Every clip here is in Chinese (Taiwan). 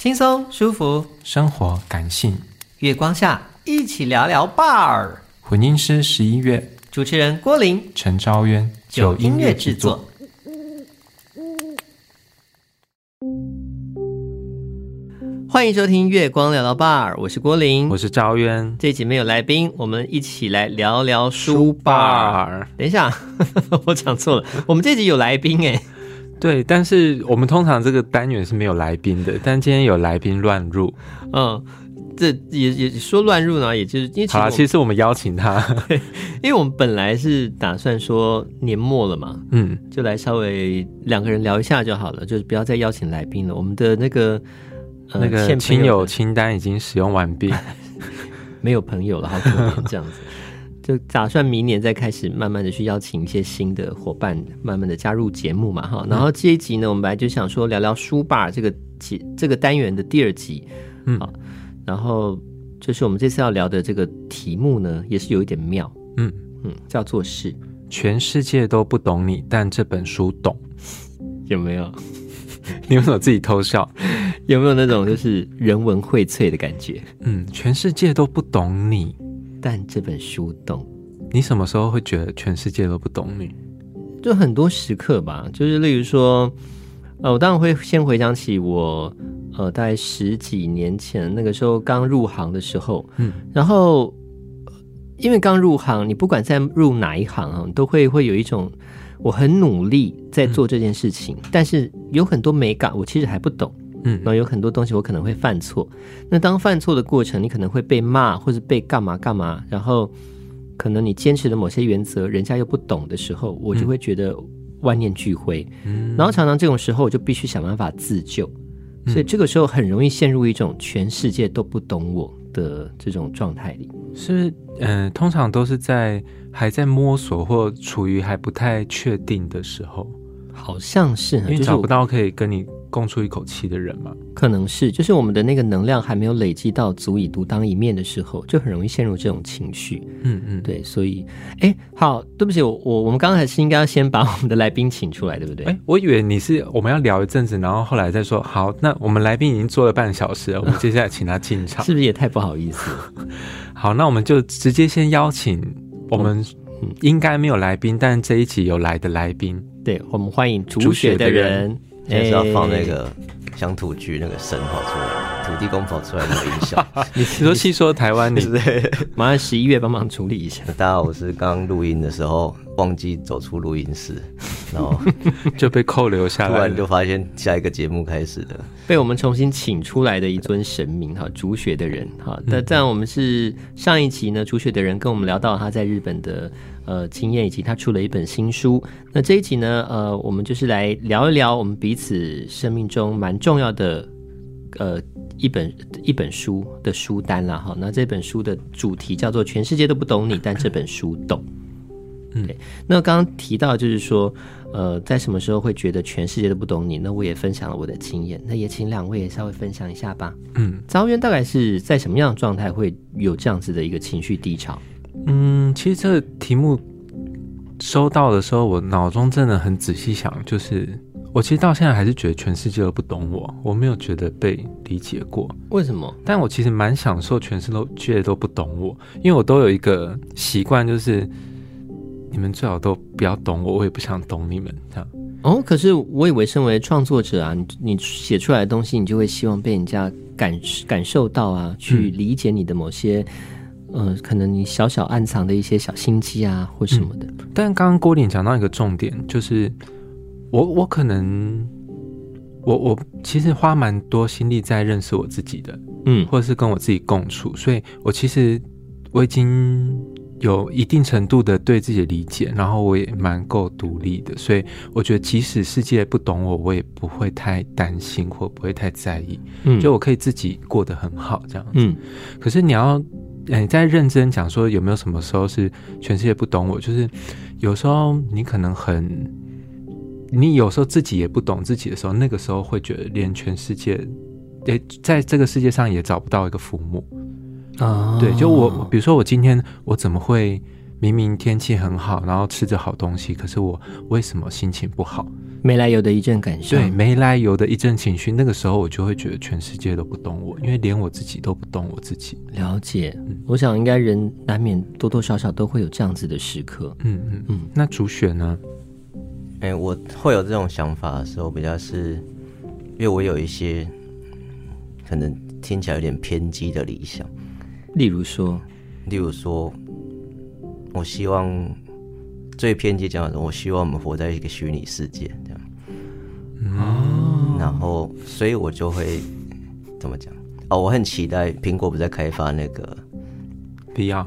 輕鬆舒服，生活感性。月光下，一起聊聊 Bar。混音師：十一月，主持人郭：郭霖、陳昭淵，九音樂製作。嗯嗯、歡迎收聽《月光聊聊 Bar》，我是郭霖，我是昭淵。這集沒有來賓，我們一起來聊聊舒書 Bar。等一下， 我講錯了，我們這集有來賓哎、欸。對，但是我們通常這個單元是沒有來賓的，但今天有來賓亂入，嗯、哦，這也也說亂入呢，也就是因為其實好啊，其實我們邀請他，因為我們本來是打算說年末了嘛，嗯，就來稍微兩個人聊一下就好了，就是不要再邀請來賓了。我們的那個、呃、那個親友清單已經使用完畢，沒有朋友了，好可憐，這樣子。 就打算明年再開始，慢慢的去邀請一些新的夥伴，慢慢的加入節目嘛，哈、嗯。然後這一集呢，我們本來就想說聊聊書吧這個節這個單元的第二集，嗯，好。然後就是我們這次要聊的這個題目呢，也是有一點妙，嗯嗯，叫做是全世界都不懂你，但這本書懂， 有沒有？ 你有沒有自己偷笑？ 有沒有那種就是人文薈萃的感覺？嗯，全世界都不懂你。但這本書懂。你什麼時候會覺得全世界都不懂你？就很多時刻吧，就是例如說，呃，我當然會先回想起我，呃，大概十幾年前那個時候剛入行的時候，嗯，然後因為剛入行，你不管在入哪一行啊，都會會有一種我很努力在做這件事情，嗯、但是有很多美感，我其實還不懂。嗯，然後有很多東西我可能會犯錯，嗯、那當犯錯的過程，你可能會被罵或是被幹嘛幹嘛，然後可能你堅持的某些原則，人家又不懂的時候，嗯、我就會覺得萬念俱灰。嗯，然後常常這種時候，我就必須想辦法自救，嗯、所以這個時候很容易陷入一種全世界都不懂我的這種狀態裡。是，嗯、呃，通常都是在還在摸索或處於還不太確定的時候，好像是，因為找不到可以跟你，供出一口氣的人嗎？可能是，就是我們的那個能量還沒有累積到足以獨當一面的時候，就很容易陷入這種情緒。嗯嗯，對，所以，哎、欸，好，對不起，我我我們剛才是應該要先把我們的來賓請出來，對不對？哎、欸，我以為你是我們要聊一陣子，然後後來再說。好，那我們來賓已經坐了半小時了，我們接下來請他進場， 是不是也太不好意思？ 好，那我們就直接先邀請我們應該沒有來賓，但這一集有來的來賓、哦嗯，對，我們歡迎煮雪的人。也、欸、是要放那個鄉土劇，那個神跑出來，土地公跑出來，那個音效。 你說戲說台灣，對不對？麻煩十一月幫忙處理一下。 大家，我是剛剛錄音的時候忘記走出錄音室，然後 就被扣留下來。突然就發現下一個節目開始了。被我們重新請出來的一尊神明哈，煮雪的人哈。那在我們是上一期呢，煮雪的人跟我們聊到他在日本的呃經驗，以及他出了一本新書。那這一集呢，呃，我們就是來聊一聊我們彼此生命中蠻重要的呃一本一本書的書單了哈。那這本書的主題叫做《全世界都不懂你，但這本書懂》。嗯，對。那剛剛提到就是說。呃，在什麼時候會覺得全世界都不懂你？那我也分享了我的經驗。那也請兩位也稍微分享一下吧。嗯，昭淵大概是在什麼樣的狀態會有這樣子的一個情緒低潮？嗯，其實這個題目收到的時候，我腦中真的很仔細想，就是我其實到現在還是覺得全世界都不懂我，我沒有覺得被理解過。為什麼？但我其實蠻享受全世界都不懂我，因為我都有一個習慣，就是。你們最好都不要懂我，我也不想懂你們這樣。哦，可是我以為身為創作者啊，你你寫出來的東西，你就會希望被人家感感受到啊，去理解你的某些，嗯、呃，可能你小小暗藏的一些小心機啊，或什麼的。嗯、但剛剛郭霖講到一個重點，就是我我可能我我其實花蠻多心力在認識我自己的，嗯，或者是跟我自己共處，所以我其實我已經。有一定程度的對自己的理解，然後我也蠻夠獨立的，所以我覺得即使世界不懂我，我也不會太擔心或不會太在意。嗯，就我可以自己過得很好這樣子。嗯，可是你要，欸、你再認真講說有沒有什麼時候是全世界不懂我？就是有時候你可能很，你有時候自己也不懂自己的時候，那個時候會覺得連全世界，也、欸、在這個世界上也找不到一個父母。啊，oh, 對，就我，oh. 比如說我今天我怎麼會明明天氣很好，然後吃着好東西，可是我為什麼心情不好？沒來由的一陣感受，對，沒來由的一陣情緒，那個時候我就會覺得全世界都不懂我，因為連我自己都不懂我自己。了解，嗯、我想應該人難免多多少少都會有這樣子的時刻。嗯嗯嗯。嗯，那煮雪呢？哎，我會有這種想法的時候，比較是，因為我有一些可能聽起來有點偏激的理想。例如說，例如說，我希望最偏激講，我希望我們活在一個虛擬世界，這樣。哦，然後，所以我就會怎麼講？哦，我很期待蘋果不再開發那個，VR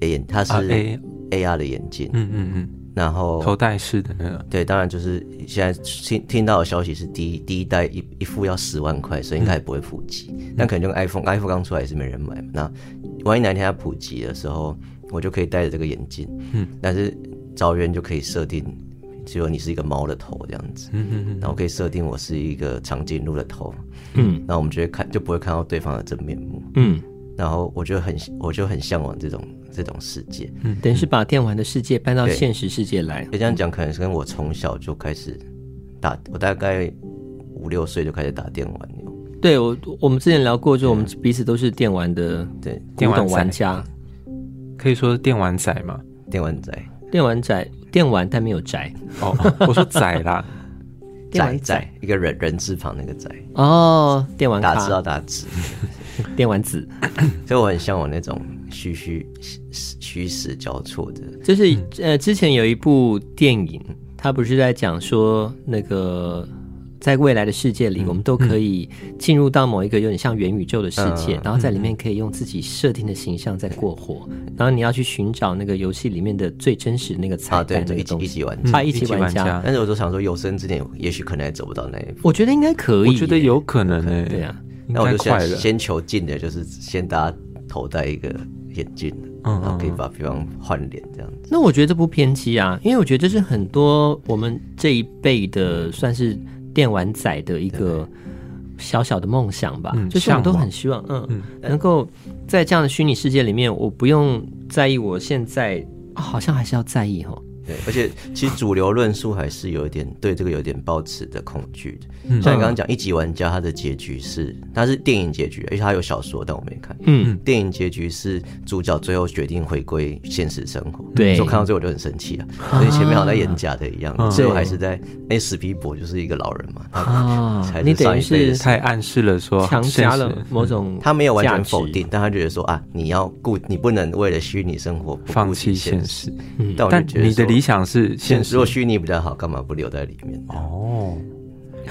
眼，它是 AR 的眼鏡，嗯嗯嗯，然後頭戴式的那個，對，當然就是現在聽聽到的消息是第一，第第一代一一副要十萬塊，所以應該也不會普及。嗯、但可能就跟 iPhone，iPhone 剛出來也是沒人買嘛，那。萬一哪一天它普及的時候，我就可以戴着這個眼鏡。嗯，但是昭淵就可以設定，只有你是一個貓的頭這樣子。嗯哼哼，然後可以設定我是一個長頸鹿的頭。嗯，那我們就會看，就不會看到對方的真面目。嗯，然後我就很，我就很嚮往這種這種世界。嗯，等於是把電玩的世界搬到現實世界來。嗯，這樣講，可能是跟我從小就開始打，我大概五六歲就開始打電玩。對，我我們之前聊過，就、嗯、我們彼此都是電玩的，對電電，電玩玩家，可以說電玩仔嘛，電玩仔，電玩仔，電玩但沒有仔哦，我說仔啦，仔仔，一個人人字旁那個仔哦，電玩仔知道打,打 電玩子，所以我很像我那種虛虛虛實交錯的，就是、嗯、呃，之前有一部電影，他不是在講說那個。在未來的世界裡，我們都可以進入到某一個有點像元宇宙的世界，然後在裡面可以用自己設定的形象在過活，然後你要去尋找那個遊戲裡面的最真實那個彩蛋啊，對，一級一級玩，一級玩家。但是我就想說，有生之年也許可能還走不到那一步。我覺得應該可以，我覺得有可能。對呀，那我就先求近的，就是先大家頭戴一個眼鏡，然後可以把對方換臉這樣子。那我覺得這不偏激啊，因為我覺得這是很多我們這一輩的算是。電玩仔的一個小小的夢想吧，對就是都很希望，嗯，嗯，能夠在這樣的虛擬世界裡面，我不用在意，我現在，哦，好像還是要在意哦。對，而且其實主流論述還是有一點對這個有點抱持的恐懼的。像你剛剛講一級玩家，他的結局是他是電影結局，而且他有小說，但我沒看。嗯，電影結局是主角最後決定回歸現實生活。對，所以我看到這我就很生氣啊，所以前面好像演假的一樣，最後還是在史匹柏，就是一個老人嘛。啊，你等於是太暗示了，說，強加了某種他沒有完全否定，但他覺得說啊，你要顧，你不能為了虛擬生活放棄現實。但你的。理想是現實如果虛擬比較好，幹嘛不留在裡面？哦，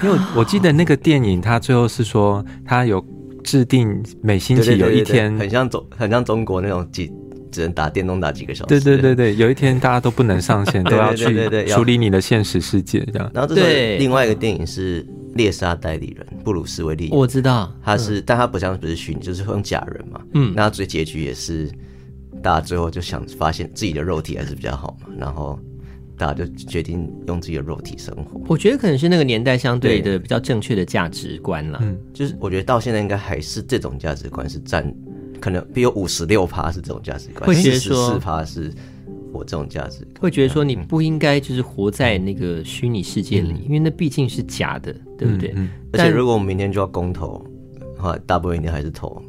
因為我，我記得那個電影，它最後是說，它有制定每星期有一天，對對對對對對很像中，很像中國那種幾只能打電動打幾個小時。對對對對，有一天大家都不能上線，都要去處理你的現實世界要這樣。然後這是另外一個電影是《獵殺代理人》對，布魯斯威利，我知道他是，嗯、但他不像不是虛擬，就是用假人嘛。嗯，那最結局也是。大家最後就想發現自己的肉體還是比較好嘛，然後大家就決定用自己的肉體生活。我覺得可能是那個年代相對的比較正確的價值觀了，嗯，就是我覺得到現在應該還是這種價值觀是占，可能比如五十六趴是這種價值觀，四十四趴是我這種價值觀。嗯、會覺得說你不應該就是活在那個虛擬世界裡，嗯、因為那畢竟是假的，嗯嗯對不對？嗯嗯而且如果我們明天就要公投的話，話大部分應該還是投。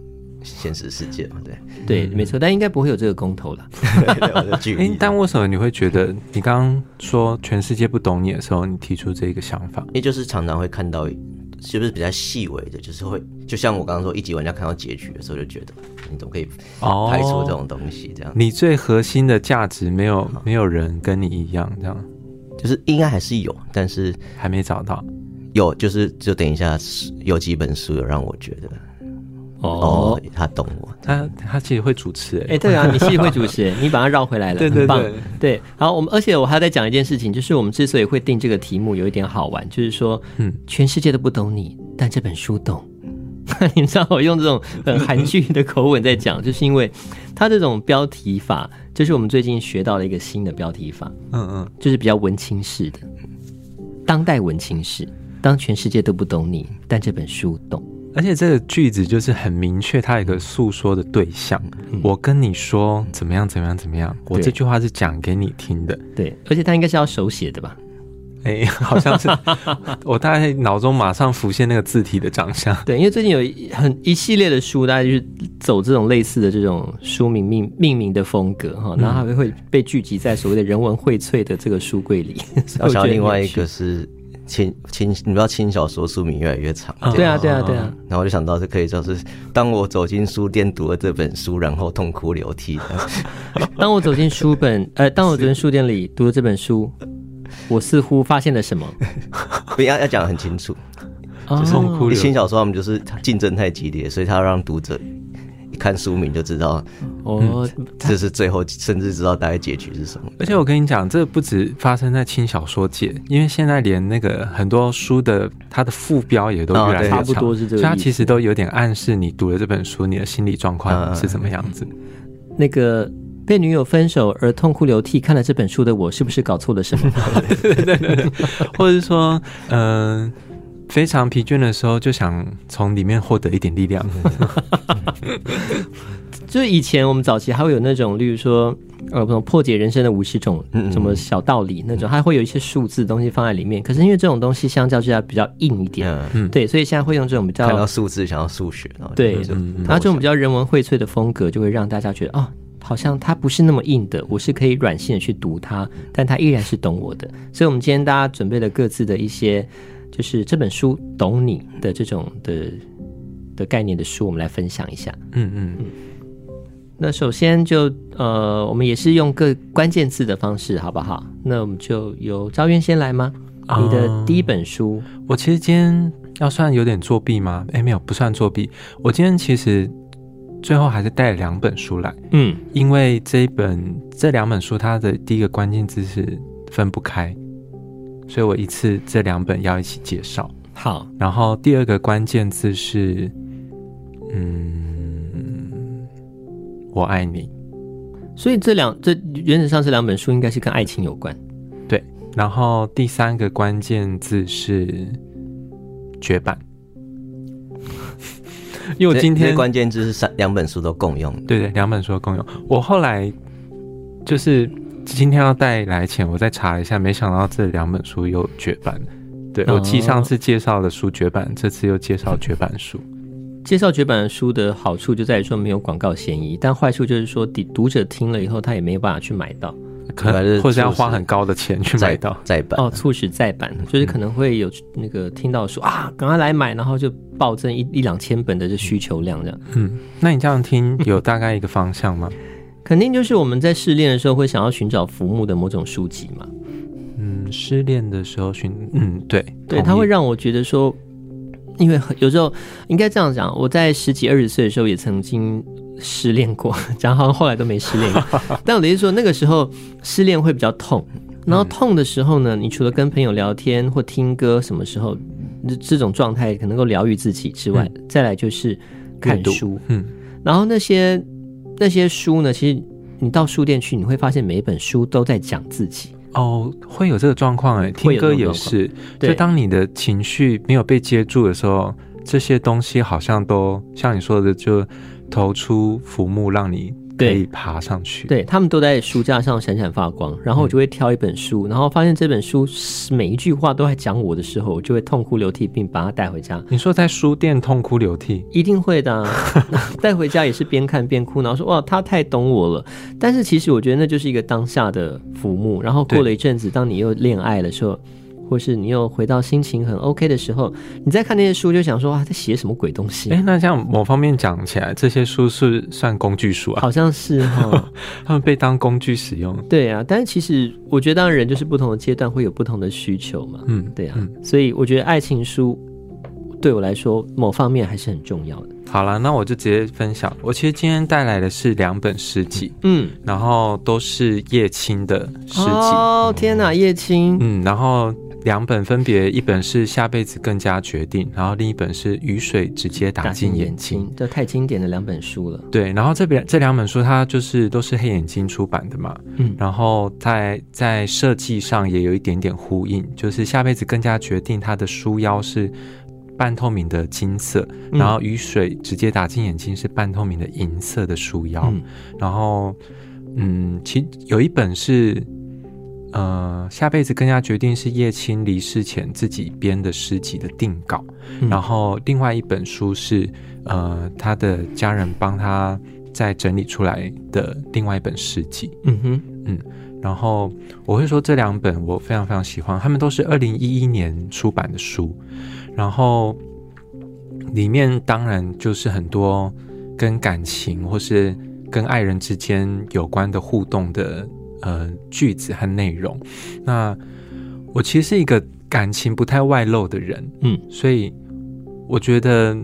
現實世界嘛，對、嗯、對，沒錯，但應該不會有這個公投了。哎、 欸，但為什麼你會覺得你剛剛說全世界不懂你的時候，你提出這個想法？也就是常常會看到，是不是比較細微的，就是會，就像我剛剛說，一級玩家看到結局的時候，就覺得你怎麼可以拍出這種東西？這樣，oh, 你最核心的價值沒有沒有人跟你一樣，這樣，就是應該還是有，但是還沒找到。有，就是就等一下，有幾本書有讓我覺得。哦，oh, 他懂我，他他其實會主持、欸，哎、欸，對啊，你其實會主持、欸， 你把他繞回來了，對對對，很棒，對，好，我們而且我還要再講一件事情，就是我們之所以會定這個題目有一點好玩，就是說，嗯，全世界都不懂你，但這本書懂。 你知道我用這種很韓劇的口吻在講， 就是因為他這種標題法，就是我們最近學到了一個新的標題法，嗯嗯，就是比較文青式的，當代文青式，當全世界都不懂你，但這本書懂。而且這個句子就是很明確，它有一個訴說的對象。嗯、我跟你說怎麼樣，怎麼樣，怎麼樣。我這句話是講給你聽的。對，而且它應該是要手寫的吧？哎、欸，好像是。 我大概腦中馬上浮現那個字體的長相。對，因為最近有一很一系列的書，大家就是走這種類似的這種書名命命名的風格哈，然後它會被聚集在所謂的人文薈萃的這個書櫃裡。然後， 小小另外一個是。輕輕，你知道輕小說書名越來越長，對啊對啊對啊，然後我就想到是可以說是，當我走進書店讀了這本書，然後痛哭流涕； 當我走進書本，呃，當我走進書店裡讀了這本書，是我似乎發現了什麼。不要要講得很清楚，就是清小說，他們就是競爭太激烈，所以他要讓讀者。看書名就知道，哦、嗯，這是最後，甚至知道大概結局是什麼。而且我跟你講，這不止發生在輕小說界，因為現在連那個很多書的它的副標也都越來越長，哦，差不多是這個意思。它其實都有點暗示你讀了這本書，你的心理狀況是怎麼樣子，嗯。那個被女友分手而痛哭流涕看了這本書的我，是不是搞錯了什麼？對對對，或者是說，嗯、呃。非常疲倦的時候，就想從裡面獲得一點力量。就是以前我們早期還會有那種，例如說，呃，破解人生的五十種什麼小道理那種，還會有一些數字東西放在裡面。可是因為這種東西相較之下比較硬一點，對，所以現在會用這種比較看到數字，想要數學，對，然後這種比較人文薈萃的風格，就會讓大家覺得，哦，好像它不是那麼硬的，我是可以軟性的去讀它，但它依然是懂我的。所以，我們今天大家準備了各自的一些。就是這本書《懂你》的這種的的概念的書，我們來分享一下。嗯嗯嗯。那首先就呃，我們也是用個關鍵字的方式，好不好？那我們就由昭淵先來嗎？嗯、你的第一本書，我其實今天要算有點作弊嗎？哎、欸、沒有，不算作弊。我今天其實最後還是帶了兩本書來，嗯，因為這一本這兩本書它的第一個關鍵字是分不開。所以我一次這兩本要一起介紹，好。然後第二個關鍵字是，嗯，我愛你。所以這兩這原則上這兩本書應該是跟愛情有關。對。然後第三個關鍵字是絕版， 因為我今天關鍵字是三兩本書都共用。對對，兩本書都共用。我後來就是。今天要帶來前，我再查一下，沒想到這兩本書又絕版。對、oh. 我記上次介紹的書絕版，這次又介紹絕版書。嗯、介紹絕版的書的好處就在於說沒有廣告嫌疑，但壞處就是說，讀者聽了以後，他也沒有辦法去買到，可能或者要花很高的錢去買到再版。嗯、 哦，促使再版，就是可能會有那個聽到說、嗯、啊，趕快來買，然後就暴增一一兩千本的這需求量這樣。嗯，那你這樣聽有大概一個方向嗎？ 肯定就是我們在失戀的時候會想要尋找浮木的某種書籍嘛。嗯，失戀的時候尋，嗯，對意對，它會讓我覺得說，因為有時候應該這樣講，我在十幾二十歲的時候也曾經失戀過，然後後來都沒失戀過。 但我理解說，那個時候失戀會比較痛，然後痛的時候呢，嗯、你除了跟朋友聊天或聽歌，什麼時候這種狀態可能夠療癒自己之外，嗯、再來就是看書，嗯，然後那些。那些書呢，其實你到書店去，你會發現每一本書都在講自己哦，會有這個狀況誒，有聽歌也是。對就當你的情緒沒有被接住的時候，這些東西好像都像你說的，就投出浮木，讓你。對可以爬上去。對他們都在書架上閃閃發光，然後我就會挑一本書，嗯、然後發現這本書是每一句話都在講我的時候，我就會痛哭流涕，並把它帶回家。你說在書店痛哭流涕，一定會的、啊。 帶回家也是邊看邊哭，然後說哇，他太懂我了。但是其實我覺得那就是一個當下的浮木。然後過了一陣子，對當你又戀愛的時候。或是你又回到心情很 OK 的時候，你在看那些書就想說啊，他在寫什麼鬼東西，啊？哎、欸，那像某方面講起來，這些書是，是算工具書啊？好像是哈、哦， 他們被當工具使用。對啊，但是其實我覺得，當然人就是不同的階段會有不同的需求嘛。嗯，對啊，嗯、所以我覺得愛情書對我來說某方面還是很重要的。好了，那我就直接分享。我其實今天帶來的是兩本詩集，嗯，然後都是葉青的詩集。哦，天哪，葉青，嗯，然後。兩本分別，一本是《下輩子更加決定》，然後另一本是《雨水直接打進眼睛》眼睛，這太經典的兩本書了。對，然後這邊這兩本書，它就是都是黑眼睛出版的嘛。嗯，然後在在設計上也有一點點呼應，就是《下輩子更加決定》它的書腰是半透明的金色，然後《雨水直接打進眼睛》是半透明的銀色的書腰。嗯，然後，嗯，其有一本是。呃，下輩子更加決定是葉青離世前自己編的詩集的定稿，嗯，然後另外一本書是呃他的家人幫他再整理出來的另外一本詩集。嗯哼，嗯，然後我會說這兩本我非常非常喜歡，他們都是二零一一年出版的書，然後裡面當然就是很多跟感情或是跟愛人之間有關的互動的，呃，句子和內容，那我其實是一個感情不太外露的人，嗯，所以我覺得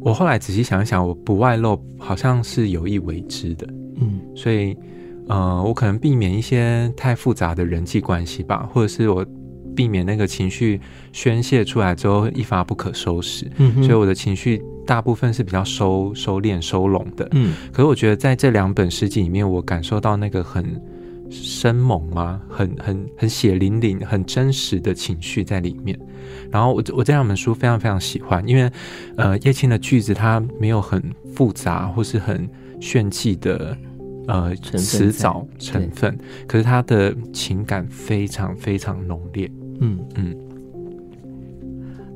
我後來仔細想想，我不外露好像是有意為之的，嗯，所以呃，我可能避免一些太複雜的人際關係吧，或者是我避免那個情緒宣洩出來之後一發不可收拾，嗯哼，所以我的情緒。大部分是比較收收斂、收攏的，嗯。可是我覺得在這兩本詩集裡面，我感受到那個很生猛啊，很、很、很血淋淋、很真實的情緒在裡面。然後我我這兩本書非常非常喜歡，因為呃葉青的句子他沒有很複雜或是很炫技的呃詞藻成分，可是他的情感非常非常濃烈，嗯嗯。嗯。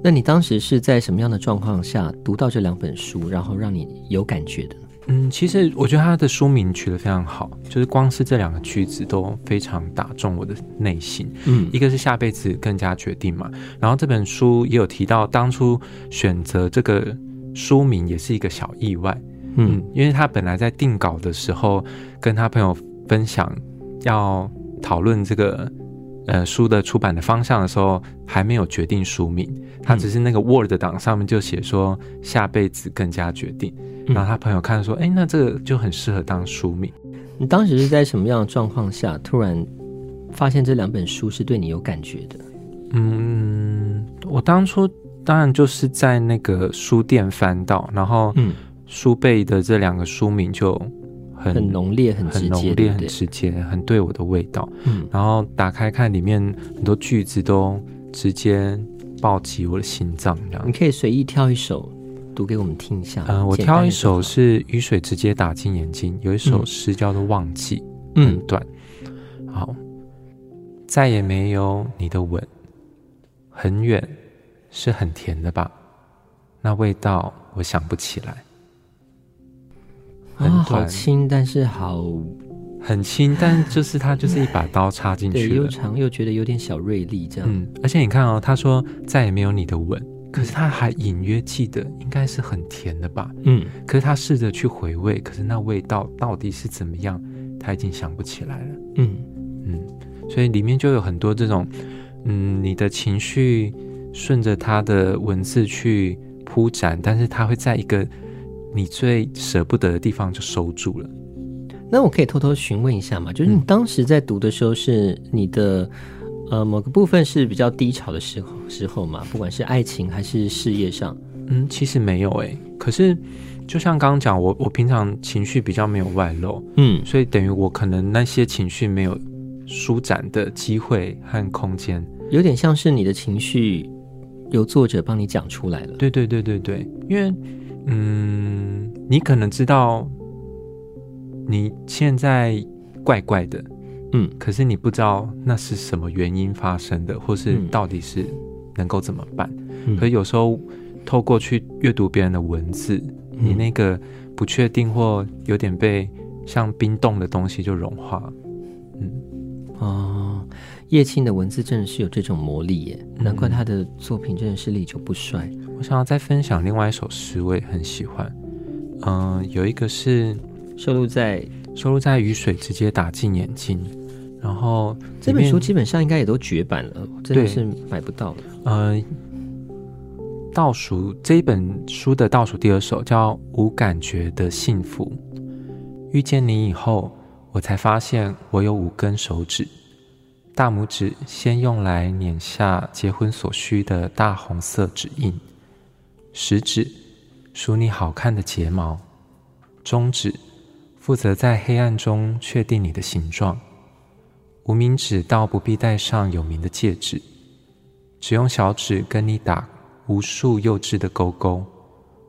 那你當時是在什麼樣的狀況下讀到這兩本書，然後讓你有感覺的？嗯，其實我覺得他的書名取得非常好，就是光是這兩個句子都非常打中我的內心。嗯，一個是下輩子更加決定嘛，然後這本書也有提到，當初選擇這個書名也是一個小意外。嗯，嗯，因為他本來在定稿的時候，跟他朋友分享要討論這個呃書的出版的方向的時候，還沒有決定書名。他只是那個 Word 檔上面就寫說，下輩子更加決定，嗯、然後他朋友看說，哎、欸，那這個就很適合當書名。你當時是在什麼樣的狀況下突然發現這兩本書是對你有感覺的？嗯，我當初當然就是在那個書店翻到，然後書背的這兩個書名就很濃烈、嗯、很濃烈、很直接很，很直接、很對我的味道。嗯，然後打開看裡面很多句子都直接。抱起我的心臟，你可以隨意挑一首讀給我們聽一下。嗯，我挑一首是雨水直接打進眼睛，有一首詩叫做《忘記》。嗯，對、嗯，好，再也沒有你的吻，很遠，是很甜的吧？那味道我想不起來。很短、嗯啊、好輕，但是好。很輕，但就是他就是一把刀插進去又長又覺得有點小銳利這樣。嗯，而且你看哦，他說再也沒有你的吻，可是他還隱約記得，嗯、應該是很甜的吧？嗯，可是他試着去回味，可是那味道到底是怎麼樣，他已經想不起來了。嗯嗯，所以裡面就有很多這種，嗯，你的情緒順着他的文字去鋪展，但是他會在一個你最舍不得的地方就收住了。那我可以偷偷詢問一下嘛？就是你當時在讀的時候，是你的、嗯、呃某個部分是比較低潮的時候時候嘛？不管是愛情還是事業上，嗯，其實沒有誒、欸。可是就像剛剛講，我我平常情緒比較沒有外露，嗯，所以等於我可能那些情緒沒有舒展的機會和空間，有點像是你的情緒由作者幫你講出來了。對對對對對，因為嗯，你可能知道。你現在怪怪的，嗯，可是你不知道那是什麼原因發生的，或是到底是能夠怎麼辦？嗯、可是有時候透過去閱讀別人的文字，嗯、你那個不確定或有點被像冰凍的東西就融化。嗯，哦、呃，葉青的文字真的是有這種魔力耶，難怪他的作品真的是歷久不衰。嗯、我想要再分享另外一首詩，我也很喜歡。嗯、呃，有一個是。收錄在收錄在雨水直接打進眼睛，然後這，這本書基本上應該也都絕版了，對真的是買不到的。嗯、呃，倒數這一本書的倒數第二首叫《無感覺的幸福》，遇見你以後，我才發現我有五根手指，大拇指先用來碾下結婚所需的大紅色指印，食指數你好看的睫毛，中指。負責在黑暗中確定你的形狀，無名指倒不必戴上有名的戒指，只用小指跟你打無數幼稚的勾勾。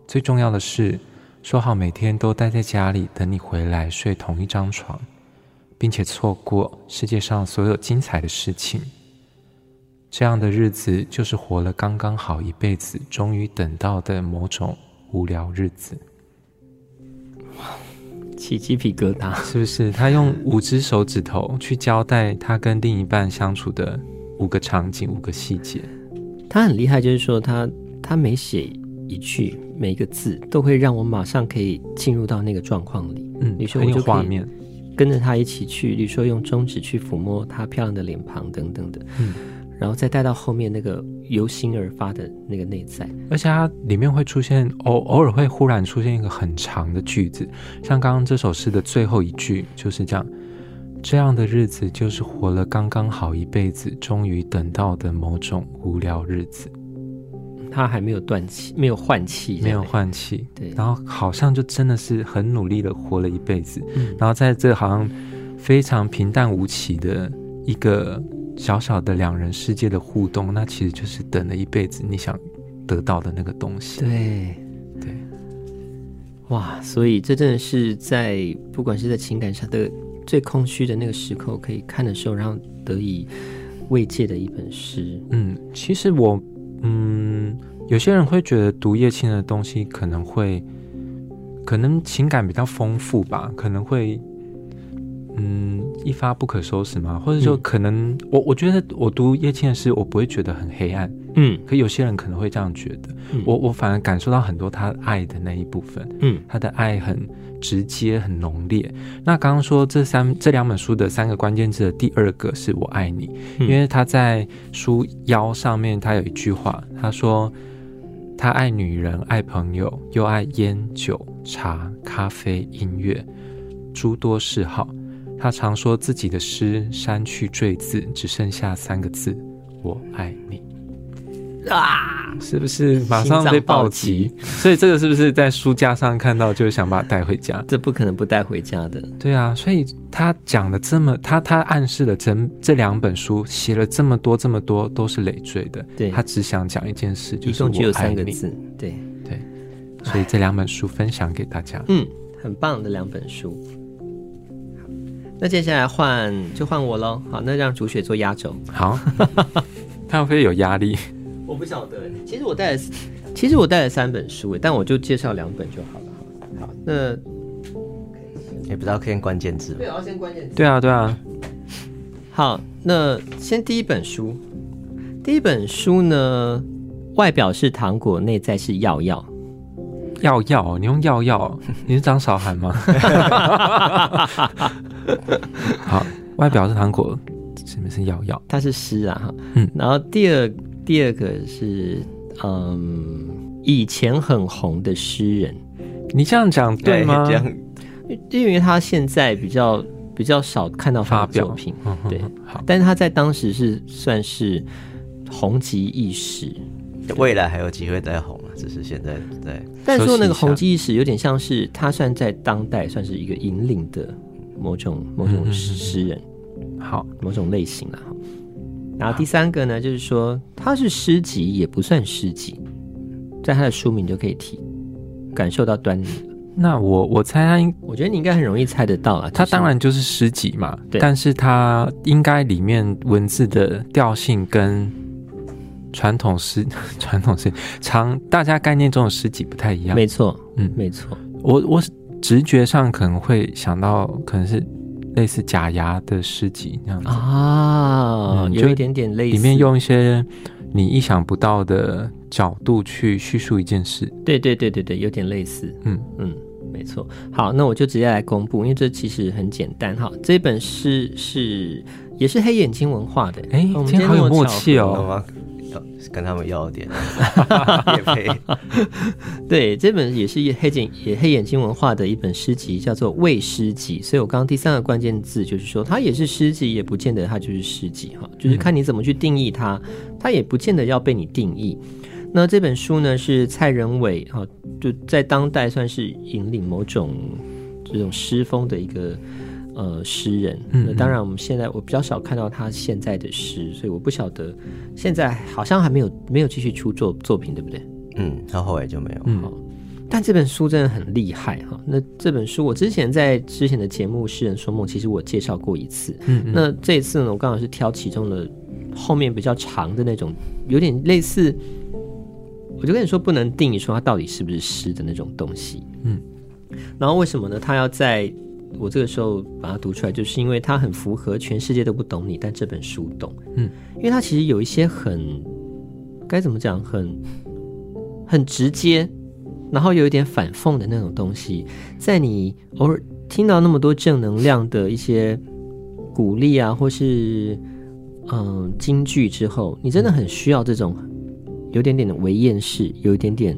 最重要的是，說好每天都待在家裡，等你回來睡同一張床，並且錯過世界上所有精彩的事情。這樣的日子，就是活了剛剛好一輩子，終於等到的某種無聊日子。起雞皮疙瘩是不是？他用五隻手指頭去交代他跟另一半相處的五個場景、五個細節。他很厲害，就是說他他每寫一句、每一個字，都會讓我馬上可以進入到那個狀況裡。嗯，很有畫面。跟着他一起去，比如說用中指去撫摸他漂亮的臉龐等等的。嗯，然後再帶到後面那個。由心而發的那個內在，而且它裡面會出現偶偶爾會忽然出現一個很長的句子，像剛剛這首詩的最後一句就是這樣：這樣的日子就是活了剛剛好一輩子，終於等到的某種無聊日子。他還沒有斷氣，沒有換氣，沒有換氣。對，然後好像就真的是很努力地活了一輩子，嗯，然後在這好像非常平淡無奇的一個。小小的兩人世界的互動，那其實就是等了一輩子你想得到的那個東西。對，對，哇！所以這真的是在不管是在情感上的最空虛的那個時刻，可以看的時候，然後得以慰藉的一本詩。嗯，其實我，嗯，有些人會覺得讀葉青的東西可能會，可能情感比較豐富吧，可能會。嗯，一發不可收拾嘛，或者說，可能、嗯、我我覺得我讀葉青的詩，我不會覺得很黑暗。嗯，可有些人可能會這樣覺得。嗯、我我反而感受到很多他愛的那一部分。嗯，他的愛很直接，很濃烈。那剛剛說這三這兩本書的三個關鍵字的第二個是“我愛你”，嗯、因為他在書腰上面他有一句話，他說他愛女人，愛朋友，又愛煙酒茶咖啡音樂諸多嗜好。他常說自己的詩刪去贅字，只剩下三個字：“我愛你。”啊！是不是馬上被暴擊？暴擊，所以這個是不是在書架上看到，就想把它帶回家？這不可能不帶回家的。對啊，所以他講的這麼，他他暗示了整這，這兩本書寫了這麼多這麼多都是累贅的。對，他只想講一件事，就是我愛你一共只有三個字。對對，所以這兩本書分享給大家，嗯，很棒的兩本書。那接下來換就換我嘍。好，那讓煮雪做壓軸。好，他會不會有壓力？我不曉得。其實我帶了，其實我帶了三本書誒，但我就介紹兩本就好了。好，那也不知道先關鍵字。對，要先關鍵字。對啊，對啊，對啊。好，那先第一本書。第一本書呢，外表是糖果，內在是藥藥藥藥。你用藥藥，你是張韶涵嗎？ 好，外表是糖果，下面是瑤瑤，他是詩啊哈，嗯、然後第二第二個是嗯，以前很紅的詩人，你這樣講對嗎？對，因為他現在比較比較少看到發表品，對、嗯哼哼，好，但是他在當時是算是紅極一時，未來還有機會再紅啊，只是現在對，但說那個紅極一時有點像是他算在當代算是一個引領的。某種某種詩人嗯嗯，好，某種類型啦。然後第三個呢，就是說他是詩集，也不算詩集，在他的書名就可以提，感受到端倪。那我我猜他應，我覺得你應該很容易猜得到啊，他當然就是詩集嘛，對。但是他應該裡面文字的調性跟傳統詩、傳統詩長，大家概念中的詩集不太一樣。沒錯，嗯，沒錯。我我是。直覺上可能會想到可能是類似假牙的詩集那樣子啊，嗯、有一點點類似，裡面用一些你意想不到的角度去敘述一件事。對對對對有點類似，嗯嗯，沒錯。好，那我就直接來公布，因為這其實很簡單哈。這本詩是是也是黑眼睛文化的，哎、欸，我們今天很、哦、有默契哦、喔。跟他們要點，業配。對，這本也是黑眼，也黑眼睛文化的一本詩集，叫做《偽詩集》。所以我剛剛第三個關鍵字就是說，它也是詩集，也不見得它就是詩集哈，就是看你怎麼去定義它，它也不見得要被你定義。那這本書呢，是蔡仁偉啊，就在當代算是引領某種這種詩風的一個。呃，詩人，嗯嗯，那當然，我們現在我比較少看到他現在的詩，所以我不曉得現在好像還沒有沒有繼續出作作品，對不對？嗯，然後後來就沒有。嗯，但這本書真的很厲害哈。那這本書我之前在之前的節目《詩人說夢》其實我介紹過一次。嗯，嗯，那這一次呢，我剛好是挑其中的後面比較長的那種，有點類似，我就跟你說不能定義說它到底是不是詩的那種東西。嗯，然後為什麼呢？他要在。我這個時候把它讀出來，就是因為它很符合全世界都不懂你，但這本書懂。嗯，因為它其實有一些很該怎麼講，很很直接，然後有一點反諷的那種東西，在你偶爾聽到那麼多正能量的一些鼓勵啊，或是嗯金句之後，你真的很需要這種有點點的微厭世，有一點點，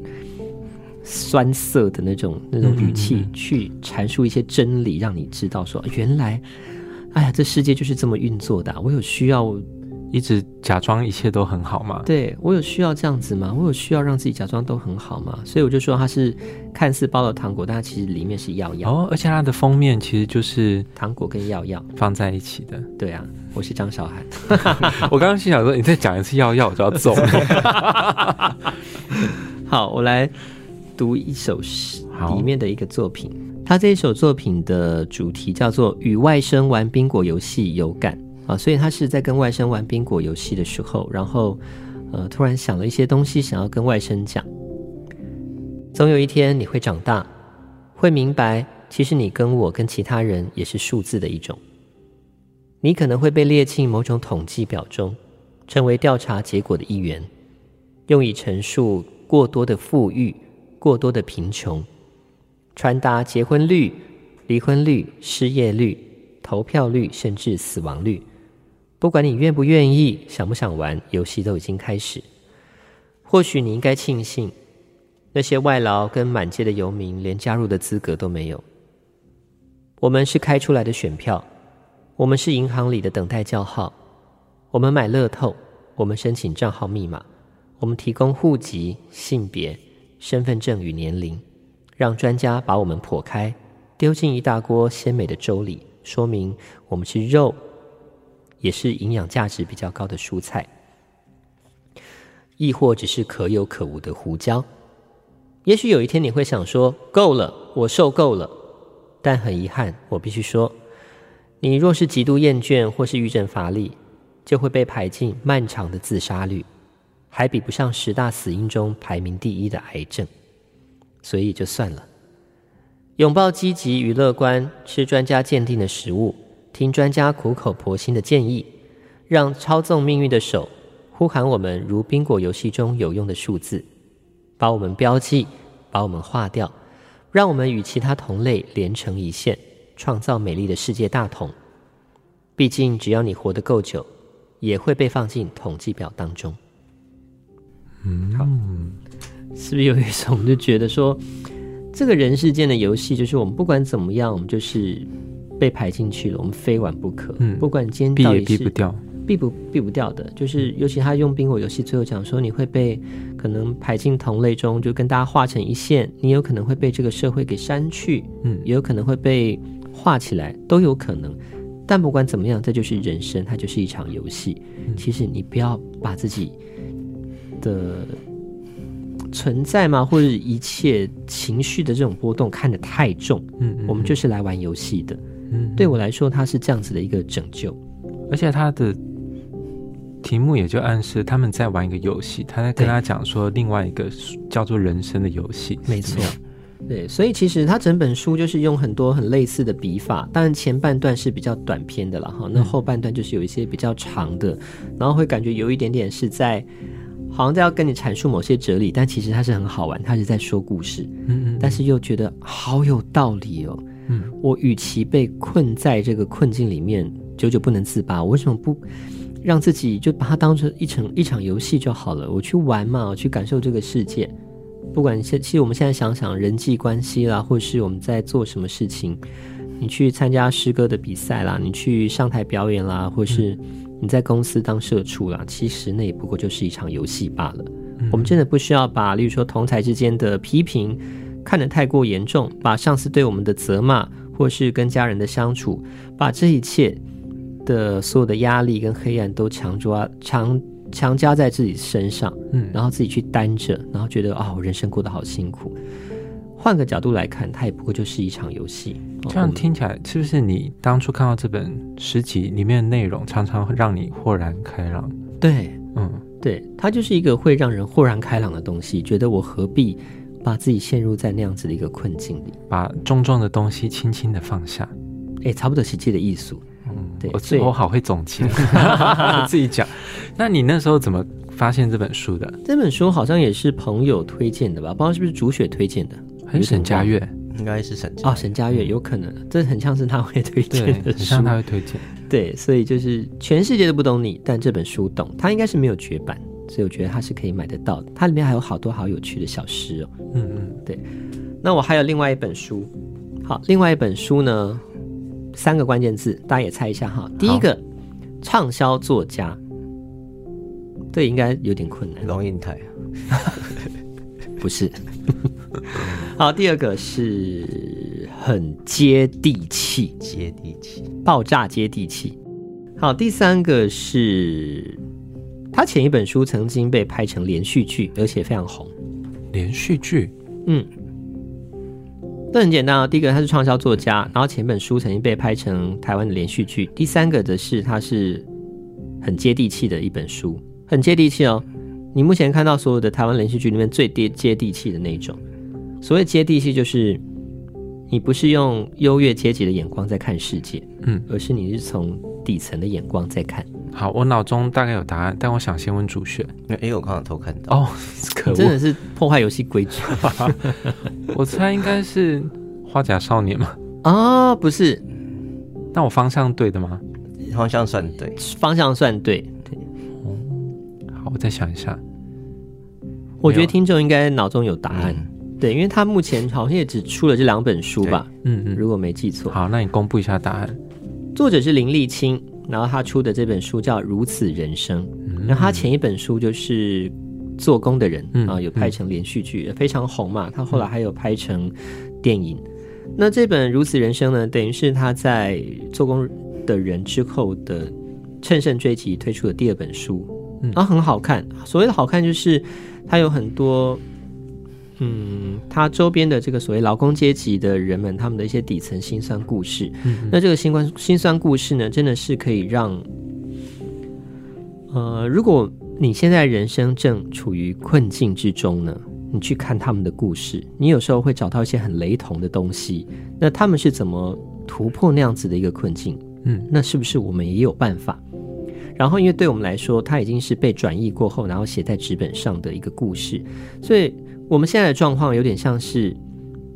酸澀的那種、那種語氣去闡述一些真理，嗯嗯嗯嗯讓你知道說，原來，哎呀，這世界就是這麼運作的啊。我有需要，一直假裝一切都很好嗎？對，我有需要這樣子嗎？我有需要讓自己假裝都很好嗎？所以我就說，它是看似包了糖果，但其實裡面是藥藥。哦，而且它的封面其實就是糖果跟藥藥放在一起的。對啊，我是張韶涵。 我剛剛是想說，你再講一次藥藥，我就要走了。 好，我來。讀一首詩裡面的一個作品，好他這一首作品的主題叫做《與外甥玩賓果遊戲有感》啊，所以他是在跟外甥玩賓果遊戲的時候，然後呃突然想了一些東西，想要跟外甥講。總有一天你會長大，會明白，其實你跟我跟其他人也是數字的一種。你可能會被列進某種統計表中，成為調查結果的一員，用以陳述過多的富裕，過多的貧窮，傳達結婚率、離婚率、失業率、投票率，甚至死亡率。不管你願不願意，想不想玩，遊戲都已經開始。或許你應該慶幸，那些外勞跟滿街的遊民連加入的資格都沒有。我們是開出來的選票，我們是銀行裡的等待叫號，我們買樂透，我們申請賬號密碼，我們提供戶籍、性別。身份證與年齡，讓專家把我們破開，丟進一大鍋鮮美的粥裡，說明我們是肉，也是營養價值比較高的蔬菜，亦或只是可有可無的胡椒。也許有一天你會想說：夠了，我受夠了。但很遺憾，我必須說，你若是極度厭倦或是鬱症乏力，就會被排進漫長的自殺率。還比不上十大死因中排名第一的癌症，所以就算了。擁抱積極與樂觀，吃專家鑑定的食物，聽專家苦口婆心的建議，讓操縱命運的手呼喊我們如賓果遊戲中有用的數字，把我們標記，把我們劃掉，讓我們與其他同類連成一線，創造美麗的世界大同。畢竟，只要你活得夠久，也會被放進統計表當中。嗯，是不是有一種我們就覺得說，這個人世間的遊戲，就是我們不管怎麼樣，我們就是被排進去了，我們非玩不可。嗯，不管你今天避也避不掉，避不避不掉的，就是尤其他用賓果遊戲最後講說，你會被可能排進同類中，就跟大家畫成一線，你有可能會被這個社會給刪去，嗯，也有可能會被畫起來，都有可能。但不管怎麼樣，這就是人生，它就是一場遊戲。其實你不要把自己的、呃、存在嗎？或者一切情緒的這種波動看得太重，嗯,嗯,嗯，我們就是來玩遊戲的。嗯,嗯，對我來說，它是這樣子的一個拯救，而且它的題目也就暗示他們在玩一個遊戲，他在跟他講說另外一個叫做人生的遊戲。對沒錯，對，所以其實他整本書就是用很多很類似的筆法，當然前半段是比較短篇的了哈，那後半段就是有一些比較長的，嗯、然後會感覺有一點點是在。好像在要跟你闡述某些哲理，但其實他是很好玩，他是在說故事，嗯嗯嗯，但是又覺得好有道理哦。嗯，我與其被困在這個困境裡面，久久不能自拔，我為什麼不讓自己就把它當成一場一場遊戲就好了？我去玩嘛，我去感受這個世界。不管是，其實我們現在想想人際關係啦，或是我們在做什麼事情，你去參加詩歌的比賽啦，你去上台表演啦，或是、嗯。你在公司當社畜啦，其實那也不過就是一場遊戲罷了。嗯，我們真的不需要把，例如說同台之間的批評看得太過嚴重，把上司對我們的責罵，或是跟家人的相處，把這一切的所有的壓力跟黑暗都強抓強強加在自己身上，嗯，然後自己去擔着，然後覺得，哦，我人生過得好辛苦。換個角度來看，它也不過就是一場遊戲。Oh, 這樣聽起來，是不是你當初看到這本詩集裡面的內容，常常會讓你豁然開朗？對，嗯，對，它就是一個會讓人豁然開朗的東西。覺得我何必把自己陷入在那樣子的一個困境裡，把重重的東西輕輕的放下。哎、欸，差不多是這個意思。嗯，對以我好會總結， 自己講。那你那時候怎麼發現這本書的？這本書好像也是朋友推薦的吧？不知道是不是煮雪推薦的？很沈佳悅應該是沈家月哦，沈佳悅有可能。這、嗯、很像是他會推薦，很像他會推薦。對，所以就是全世界都不懂你，但這本書懂。它應該是沒有絕版，所以我覺得它是可以買得到的。它裡面還有好多好有趣的小詩哦。嗯嗯，對。那我還有另外一本書，好，另外一本書呢，三個關鍵字，大家也猜一下哈。第一個暢銷好作家，這應該有點困難。龍應台，不是。 好，第二個是很接地氣，接地氣，爆炸接地氣。好，第三個是他前一本書曾經被拍成連續劇，而且非常紅。連續劇，嗯，這很簡單啊。第一個他是暢銷作家，然後前一本書曾經被拍成台灣的連續劇。第三個則是他是很接地氣的一本書，很接地氣哦。你目前看到所有的台灣連續劇裡面最接接地氣的那種。所謂接地氣，就是你不是用優越階級的眼光在看世界，嗯，而是你是從底層的眼光在看。好，我腦中大概有答案，但我想先問主選。哎、欸欸，我剛剛偷看到哦，真的是破壞遊戲規則。我猜應該是花甲少年嗎？啊、 哦，不是。那我方向對的嗎？方向算對，方向算對對。好，我再想一下。我覺得聽眾應該腦中有答案。嗯對，因為他目前好像也只出了這兩本書吧，嗯嗯，嗯如果沒記錯。好，那你公布一下答案。作者是林立青，然後他出的這本書叫《如此人生》，嗯、然後他前一本書就是《做工的人》，啊、嗯，然後有拍成連續劇，嗯嗯、非常紅嘛。他後來還有拍成電影。嗯、那這本《如此人生》呢，等於是他在《做工的人》之後的趁勝追擊推出的第二本書，嗯、然後很好看。所謂的好看，就是他有很多。嗯，他周邊的這個所謂勞工階級的人們，他們的一些底層心酸故事。嗯、哼那這個心酸心酸故事呢，真的是可以讓，呃，如果你現在人生正處於困境之中呢，你去看他們的故事，你有時候會找到一些很雷同的東西。那他們是怎麼突破那樣子的一個困境？嗯，那是不是我們也有辦法？然後，因為對我們來說，它已經是被轉譯過後，然後寫在紙本上的一個故事，所以。我們現在的狀況有點像是